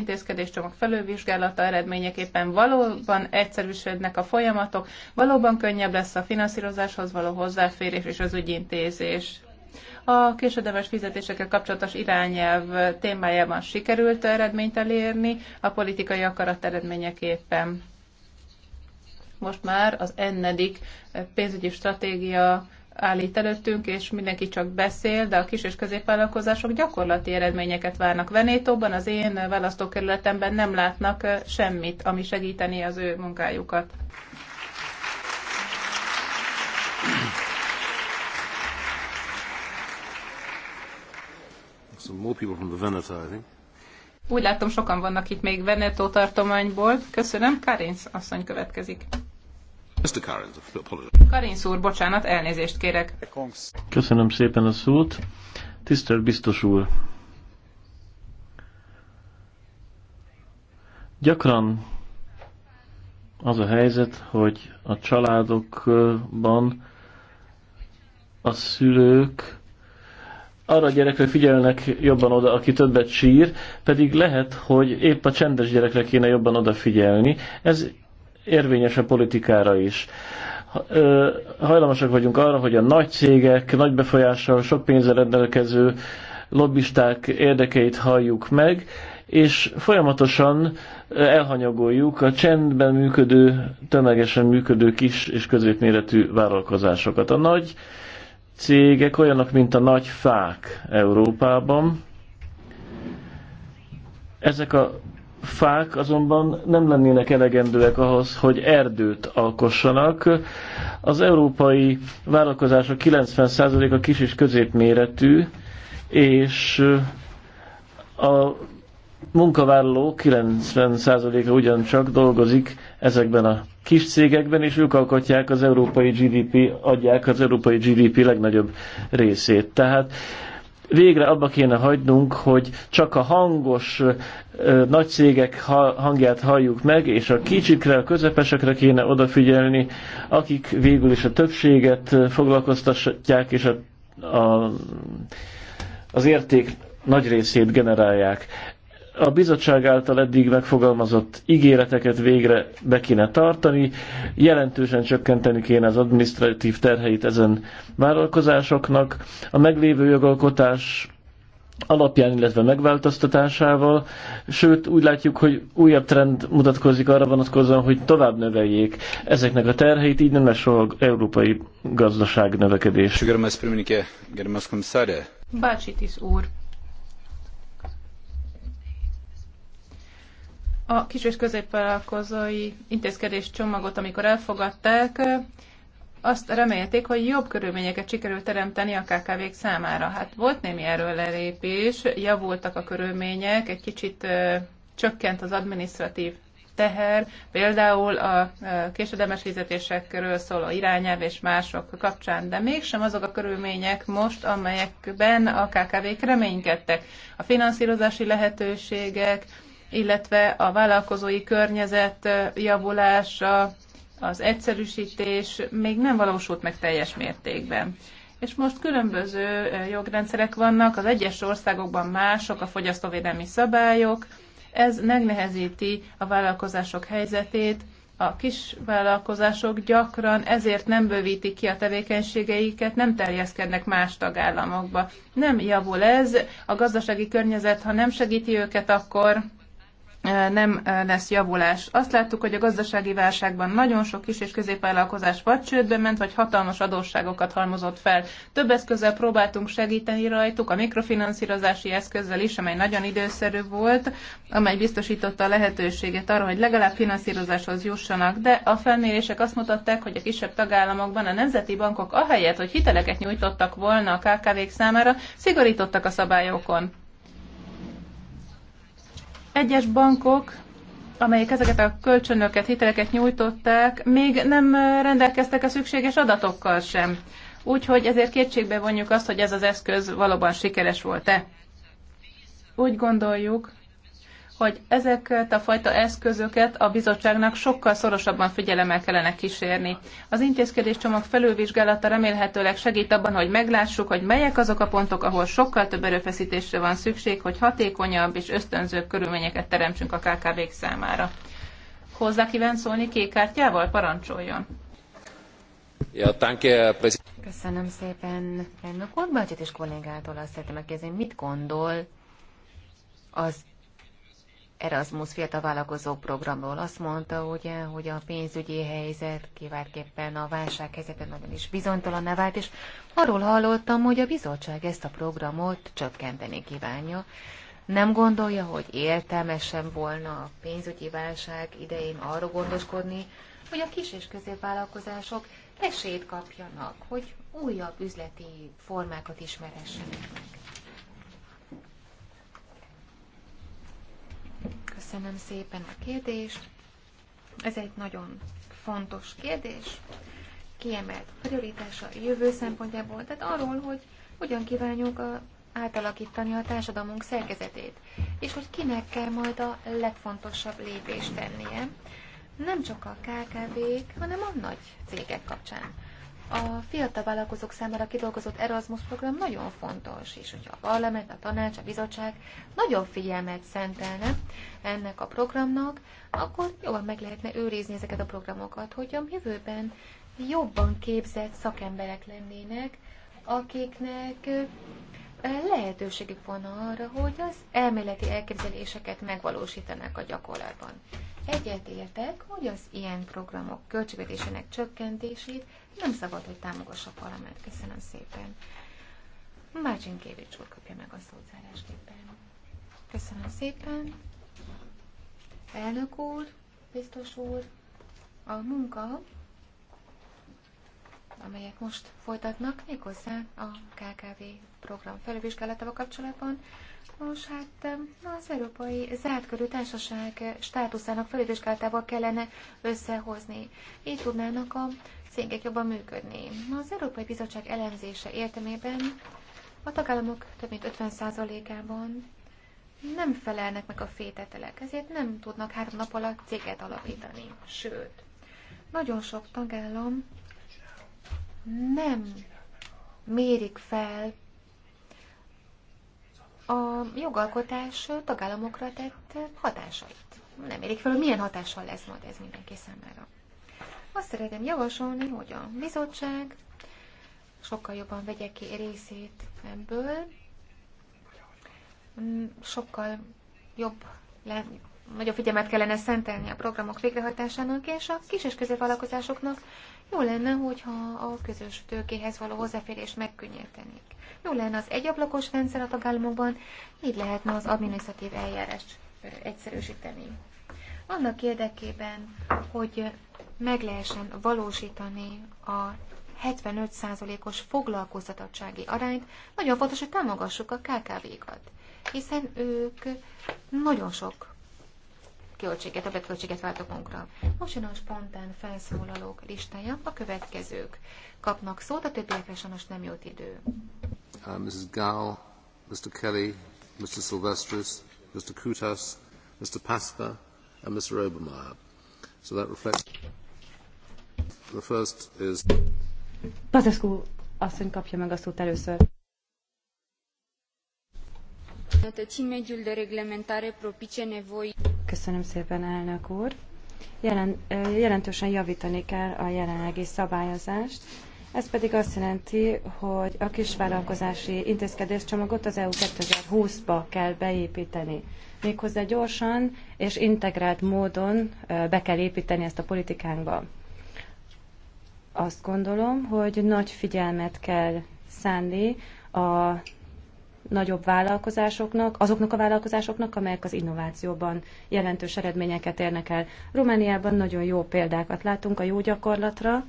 csomag felülvizsgálata eredményeképpen valóban egyszerűsödnek a folyamatok, valóban könnyebb lesz a finanszírozáshoz való hozzáférés és az ügyintézés. A késődemes fizetésekkel kapcsolatos irányelv témájában sikerült eredményt elérni, a politikai akarat eredményeképpen. Most már az ennedik pénzügyi stratégia állít előttünk, és mindenki csak beszél, de a kis és középvállalkozások gyakorlati eredményeket várnak. Venétóban, az én választókerületemben nem látnak semmit, ami segíteni az ő munkájukat. Úgy látom, sokan vannak itt még Veneto tartományból. Köszönöm. Karinz asszony következik. Mr. Karinz úr, bocsánat, elnézést kérek. Köszönöm szépen a szót. Tisztelt biztos úr! Gyakran az a helyzet, hogy a családokban a szülők arra a gyerekre figyelnek jobban oda, aki többet sír, pedig lehet, hogy épp a csendes gyerekre kéne jobban odafigyelni. Ez érvényes a politikára is. Hajlamosak vagyunk arra, hogy a nagy cégek, nagy befolyással, sok pénzzel rendelkező lobbisták érdekeit halljuk meg, és folyamatosan elhanyagoljuk a csendben működő, tömegesen működő kis és középméretű vállalkozásokat. A nagy cégek olyanok, mint a nagy fák Európában. Ezek a fák azonban nem lennének elegendőek ahhoz, hogy erdőt alkossanak. Az európai vállalkozások 90%-a kis és középméretű, és a munkavállaló 90%-a ugyancsak dolgozik ezekben a kis cégekben, és ők alkotják az európai GDP, adják az európai GDP legnagyobb részét. Tehát végre abba kéne hagynunk, hogy csak a hangos nagy cégek hangját halljuk meg, és a kicsikre, a közepesekre kéne odafigyelni, akik végül is a többséget foglalkoztatják, és a, a, az érték nagy részét generálják a bizottság által eddig megfogalmazott ígéreteket végre be kéne tartani, jelentősen csökkenteni kéne az administratív terheit ezen vállalkozásoknak, a meglévő jogalkotás alapján, illetve megváltoztatásával, sőt úgy látjuk, hogy újabb trend mutatkozik arra vonatkozóan, hogy tovább növeljék ezeknek a terheit, így nem lesz soha európai gazdaság növekedés. Bácsitis úr, A kis és középvállalkozói intézkedés csomagot, amikor elfogadták, azt remélték, hogy jobb körülményeket sikerül teremteni a KKV-k számára. Hát volt némi erőlelépés, javultak a körülmények, egy kicsit csökkent az administratív teher, például a késedelmes fizetésekről szóló irányelv és mások kapcsán, de mégsem azok a körülmények most, amelyekben a KKV-k reménykedtek. A finanszírozási lehetőségek, illetve a vállalkozói környezet javulása, az egyszerűsítés még nem valósult meg teljes mértékben. És most különböző jogrendszerek vannak, az egyes országokban mások a fogyasztóvédelmi szabályok, ez megnehezíti a vállalkozások helyzetét, a kis vállalkozások gyakran ezért nem bővítik ki a tevékenységeiket, nem terjeszkednek más tagállamokba. Nem javul ez, a gazdasági környezet, ha nem segíti őket, akkor nem lesz javulás. Azt láttuk, hogy a gazdasági válságban nagyon sok kis és középvállalkozás vagy csődbe ment, vagy hatalmas adósságokat halmozott fel. Több eszközzel próbáltunk segíteni rajtuk, a mikrofinanszírozási eszközzel is, amely nagyon időszerű volt, amely biztosította a lehetőséget arra, hogy legalább finanszírozáshoz jussanak, de a felmérések azt mutatták, hogy a kisebb tagállamokban a nemzeti bankok ahelyett, hogy hiteleket nyújtottak volna a KKV-k számára, szigorítottak a szabályokon egyes bankok, amelyek ezeket a kölcsönöket, hiteleket nyújtották, még nem rendelkeztek a szükséges adatokkal sem. Úgyhogy ezért kétségbe vonjuk azt, hogy ez az eszköz valóban sikeres volt-e. Úgy gondoljuk, hogy ezeket a fajta eszközöket a bizottságnak sokkal szorosabban figyelemmel kellene kísérni. Az intézkedés csomag felülvizsgálata remélhetőleg segít abban, hogy meglássuk, hogy melyek azok a pontok, ahol sokkal több erőfeszítésre van szükség, hogy hatékonyabb és ösztönzőbb körülményeket teremtsünk a kkv számára. Hozzá kíván szólni kékártyával? Parancsoljon! Ja, danke, uh, Köszönöm szépen, elnök úr, Bácsit és kollégától azt szeretném megkérdezni, mit gondol az Erasmus fiatal vállalkozó programról. Azt mondta ugye, hogy a pénzügyi helyzet kiváltképpen a válság helyzete nagyon is bizonytalan vált, és arról hallottam, hogy a bizottság ezt a programot csökkenteni kívánja. Nem gondolja, hogy értelmesen volna a pénzügyi válság idején arra gondoskodni, hogy a kis és középvállalkozások esélyt kapjanak, hogy újabb üzleti formákat ismerhessenek meg. Köszönöm szépen a kérdést. Ez egy nagyon fontos kérdés, kiemelt prioritása a jövő szempontjából, tehát arról, hogy hogyan kívánjuk a, átalakítani a társadalmunk szerkezetét, és hogy kinek kell majd a legfontosabb lépést tennie, nem csak a KKV-k, hanem a nagy cégek kapcsán a fiatal vállalkozók számára kidolgozott Erasmus program nagyon fontos, és hogyha a parlament, a tanács, a bizottság nagyon figyelmet szentelne ennek a programnak, akkor jól meg lehetne őrizni ezeket a programokat, hogy a jövőben jobban képzett szakemberek lennének, akiknek lehetőségük van arra, hogy az elméleti elképzeléseket megvalósítanak a gyakorlatban. Egyetértek, hogy az ilyen programok költségvetésének csökkentését nem szabad, hogy támogassa a parlament. Köszönöm szépen. Márcsin Kévics úr kapja meg a szót zárásképpen. Köszönöm szépen. Elnök úr, biztos úr, a munka amelyek most folytatnak, méghozzá a KKV program felülvizsgálatával kapcsolatban. Nos, hát az Európai Zárt Körű Társaság státuszának felülvizsgálatával kellene összehozni. Így tudnának a cégek jobban működni. Az Európai Bizottság elemzése értelmében a tagállamok több mint 50%-ában nem felelnek meg a fétetelek, ezért nem tudnak három nap alatt céget alapítani. Sőt, nagyon sok tagállam nem mérik fel a jogalkotás tagállamokra tett hatásait. Nem érik fel, hogy milyen hatással lesz majd ez mindenki számára. Azt szeretném javasolni, hogy a bizottság sokkal jobban vegye ki részét ebből, mm, sokkal jobb, le, nagyobb figyelmet kellene szentelni a programok végrehajtásának és a kis és középvállalkozásoknak jó lenne, hogyha a közös tőkéhez való hozzáférést megkönnyítenék. Jó lenne az egyablakos rendszer a tagállamokban, így lehetne az adminisztratív eljárást egyszerűsíteni. Annak érdekében, hogy meg lehessen valósítani a 75%-os foglalkoztatottsági arányt, nagyon fontos, hogy támogassuk a KKV-kat, hiszen ők nagyon sok költséget, többletköltséget váltokmunkra. Most jön a spontán felszólalók listája, a következők kapnak szót, a többiekre sajnos nem jut idő. Uh, Mrs. Gao, Mr. Kelly, Mr. Silvestris, Mr. Kutas, Mr. Paspa and Mr. Obermeyer. So that reflects... The first is... Pazescu asszony kapja meg a szót először îmbunătăți mediul de reglementare propice nevoii Köszönöm szépen, elnök úr. Jelen, jelentősen javítani kell a jelenlegi szabályozást. Ez pedig azt jelenti, hogy a kisvállalkozási intézkedéscsomagot az EU 2020-ba kell beépíteni. Méghozzá gyorsan és integrált módon be kell építeni ezt a politikánkba. Azt gondolom, hogy nagy figyelmet kell szánni a nagyobb vállalkozásoknak, azoknak a vállalkozásoknak, amelyek az innovációban jelentős eredményeket érnek el. Romániában nagyon jó példákat látunk a jó gyakorlatra,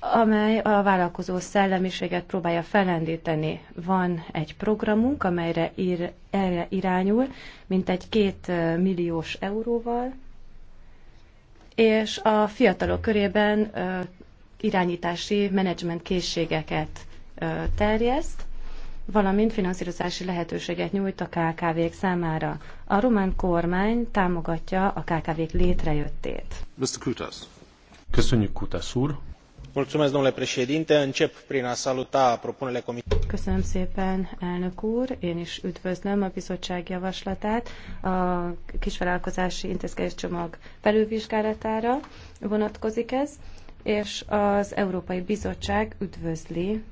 amely a vállalkozó szellemiséget próbálja felendíteni. Van egy programunk, amelyre ir, erre irányul, mint egy két milliós euróval, és a fiatalok körében irányítási menedzsment készségeket terjeszt, valamint finanszírozási lehetőséget nyújt a KKV-k számára. A román kormány támogatja a KKV-k létrejöttét. Mr. Kutas. Köszönjük, Kutas úr. Mulțumesc, domnule președinte. Încep prin a saluta propunerile comisiei. Köszönöm szépen, elnök úr. Én is üdvözlöm a bizottság javaslatát a kisvállalkozási intézkedés csomag felülvizsgálatára vonatkozik ez, és az Európai Bizottság üdvözli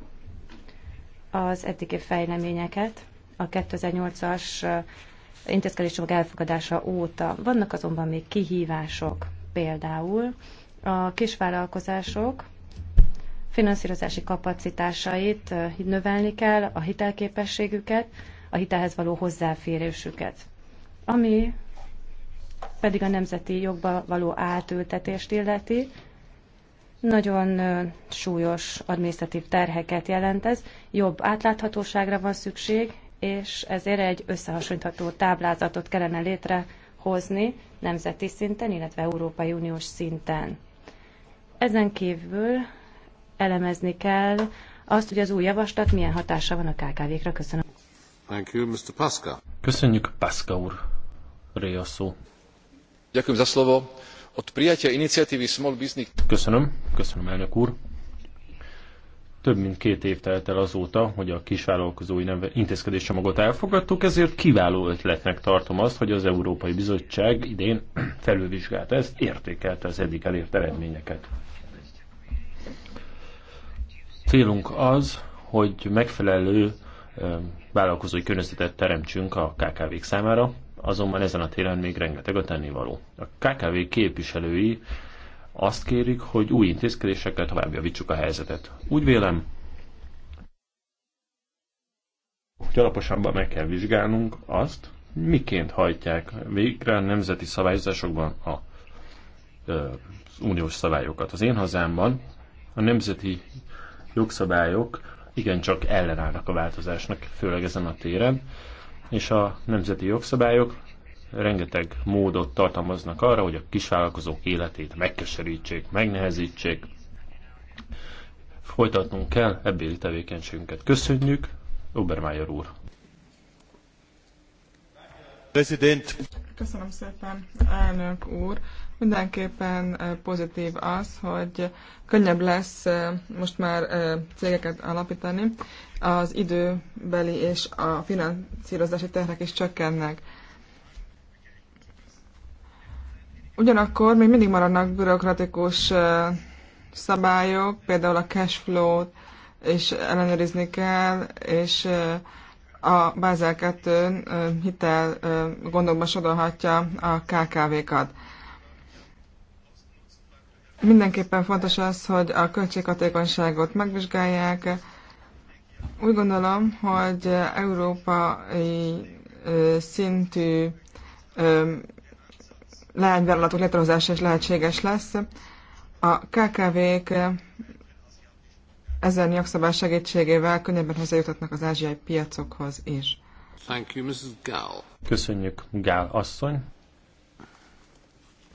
az eddigi fejleményeket a 2008-as intézkedésok elfogadása óta. Vannak azonban még kihívások, például a kisvállalkozások finanszírozási kapacitásait növelni kell, a hitelképességüket, a hitelhez való hozzáférésüket. Ami pedig a nemzeti jogba való átültetést illeti, nagyon súlyos adminisztratív terheket jelent ez, jobb átláthatóságra van szükség, és ezért egy összehasonlítható táblázatot kellene létrehozni nemzeti szinten, illetve Európai Uniós szinten. Ezen kívül elemezni kell azt, hogy az új javaslat milyen hatása van a KKV-kra. Köszönöm. Thank you, Mr. Paska. Köszönjük, Paska úr. Ré szó. Ďakujem za slovo od prijatia iniciatívy Small Business... Köszönöm, köszönöm elnök úr. Több mint két év telt el azóta, hogy a kisvállalkozói intézkedéscsomagot elfogadtuk, ezért kiváló ötletnek tartom azt, hogy az Európai Bizottság idén felülvizsgálta ezt, értékelte az eddig elért eredményeket. Célunk az, hogy megfelelő vállalkozói környezetet teremtsünk a KKV-k számára, azonban ezen a téren még rengeteg a tennivaló. A KKV képviselői azt kérik, hogy új intézkedésekkel tovább javítsuk a helyzetet. Úgy vélem, hogy alaposabban meg kell vizsgálnunk azt, miként hajtják végre a nemzeti szabályozásokban a, az uniós szabályokat. Az én hazámban a nemzeti jogszabályok igencsak ellenállnak a változásnak, főleg ezen a téren és a nemzeti jogszabályok rengeteg módot tartalmaznak arra, hogy a kisvállalkozók életét megkeserítsék, megnehezítsék. Folytatnunk kell ebbéli tevékenységünket. Köszönjük, Obermeyer úr! Köszönöm szépen, elnök úr! Mindenképpen pozitív az, hogy könnyebb lesz most már cégeket alapítani, az időbeli és a finanszírozási terhek is csökkennek. Ugyanakkor még mindig maradnak bürokratikus szabályok, például a cash flow-t és ellenőrizni kell, és a Bázel 2 hitel gondokba sodorhatja a KKV-kat. Mindenképpen fontos az, hogy a költséghatékonyságot megvizsgálják. Úgy gondolom, hogy európai szintű leányvállalatok létrehozása is lehetséges lesz. A KKV-k ezen jogszabály segítségével könnyebben hozzájutatnak az ázsiai piacokhoz is. Thank you, Mrs. Gal. Köszönjük, Gál asszony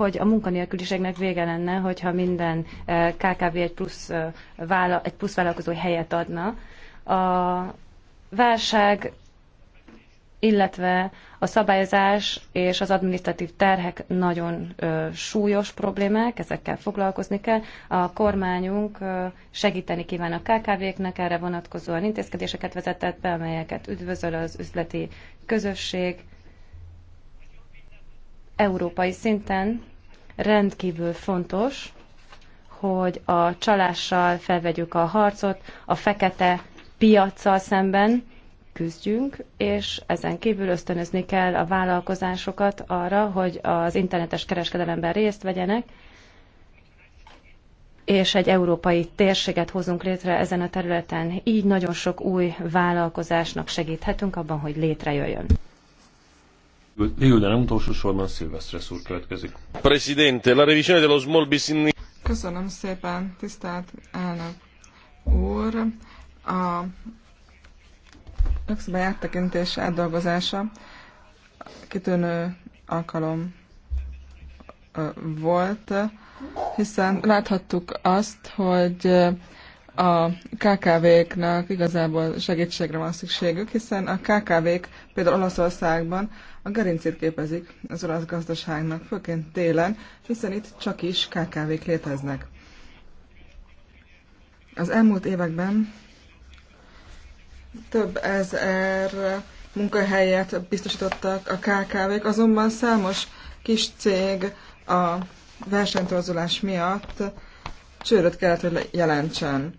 hogy a munkanélküliségnek vége lenne, hogyha minden eh, KKV egy plusz, eh, vála, egy plusz vállalkozó helyet adna. A válság illetve a szabályozás és az adminisztratív terhek nagyon ö, eh, súlyos problémák, ezekkel foglalkozni kell. A kormányunk ö, segíteni kíván a KKV-knek, erre vonatkozóan intézkedéseket vezetett be, amelyeket üdvözöl az üzleti közösség. Európai szinten rendkívül fontos, hogy a csalással felvegyük a harcot, a fekete piaccal szemben küzdjünk, és ezen kívül ösztönözni kell a vállalkozásokat arra, hogy az internetes kereskedelemben részt vegyenek, és egy európai térséget hozunk létre ezen a területen. Így nagyon sok új vállalkozásnak segíthetünk abban, hogy létrejöjjön. Végül, de nem utolsó sorban Szilvesztres úr következik. Presidente, la revisione dello small business... Köszönöm szépen, tisztelt elnök úr. A jogszabály áttekintés átdolgozása kitűnő alkalom volt, hiszen láthattuk azt, hogy a KKV-knak igazából segítségre van szükségük, hiszen a KKV-k például Olaszországban a gerincét képezik az olasz gazdaságnak, főként télen, hiszen itt csak is KKV-k léteznek. Az elmúlt években több ezer munkahelyet biztosítottak a KKV-k, azonban számos kis cég a versenytorzulás miatt csőröt kellett, hogy jelentsen.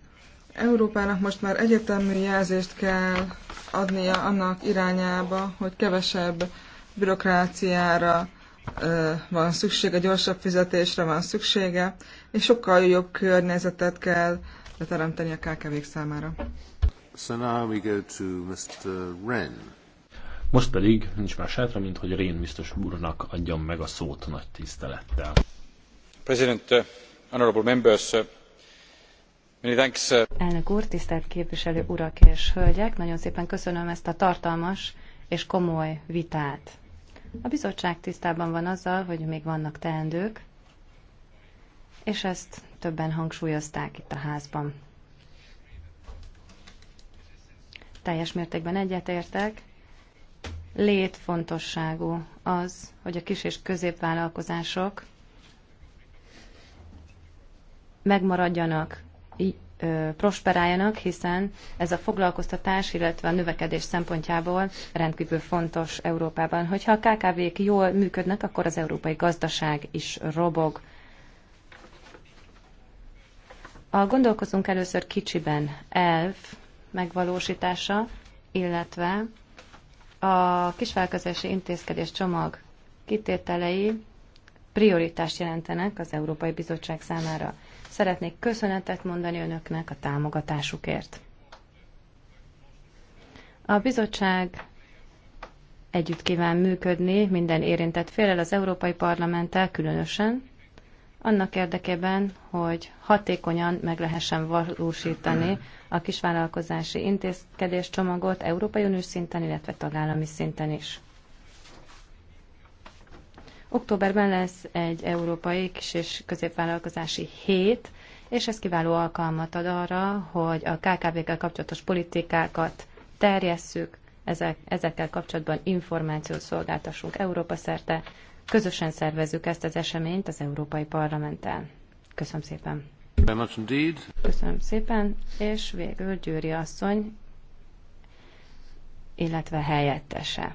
Európának most már egyetemű jelzést kell adnia annak irányába, hogy kevesebb bürokráciára van szüksége, gyorsabb fizetésre van szüksége, és sokkal jobb környezetet kell teremteni a kkv számára. So now we go to Mr. Wren. Most pedig nincs más hátra, mint hogy Rén biztos úrnak adjam meg a szót nagy tisztelettel. President, uh, honorable members, uh... Uh, Elnök úr, tisztelt képviselő urak és hölgyek, nagyon szépen köszönöm ezt a tartalmas és komoly vitát. A bizottság tisztában van azzal, hogy még vannak teendők, és ezt többen hangsúlyozták itt a házban. Teljes mértékben egyetértek. Létfontosságú az, hogy a kis és középvállalkozások megmaradjanak prosperáljanak, hiszen ez a foglalkoztatás, illetve a növekedés szempontjából rendkívül fontos Európában. Hogyha a KKV-k jól működnek, akkor az európai gazdaság is robog. A gondolkozunk először kicsiben elv megvalósítása, illetve a kisvállalkozási intézkedés csomag kitételei prioritást jelentenek az Európai Bizottság számára. Szeretnék köszönetet mondani önöknek a támogatásukért. A bizottság együtt kíván működni minden érintett félel az Európai Parlamenttel különösen, annak érdekében, hogy hatékonyan meg lehessen valósítani a kisvállalkozási csomagot Európai Uniós szinten, illetve tagállami szinten is. Októberben lesz egy európai kis- és középvállalkozási hét, és ez kiváló alkalmat ad arra, hogy a KKV-kkel kapcsolatos politikákat terjesszük, ezek, ezekkel kapcsolatban információt szolgáltassunk Európa szerte, közösen szervezzük ezt az eseményt az Európai Parlamenttel. Köszönöm szépen! Köszönöm szépen, és végül Győri asszony, illetve helyettese.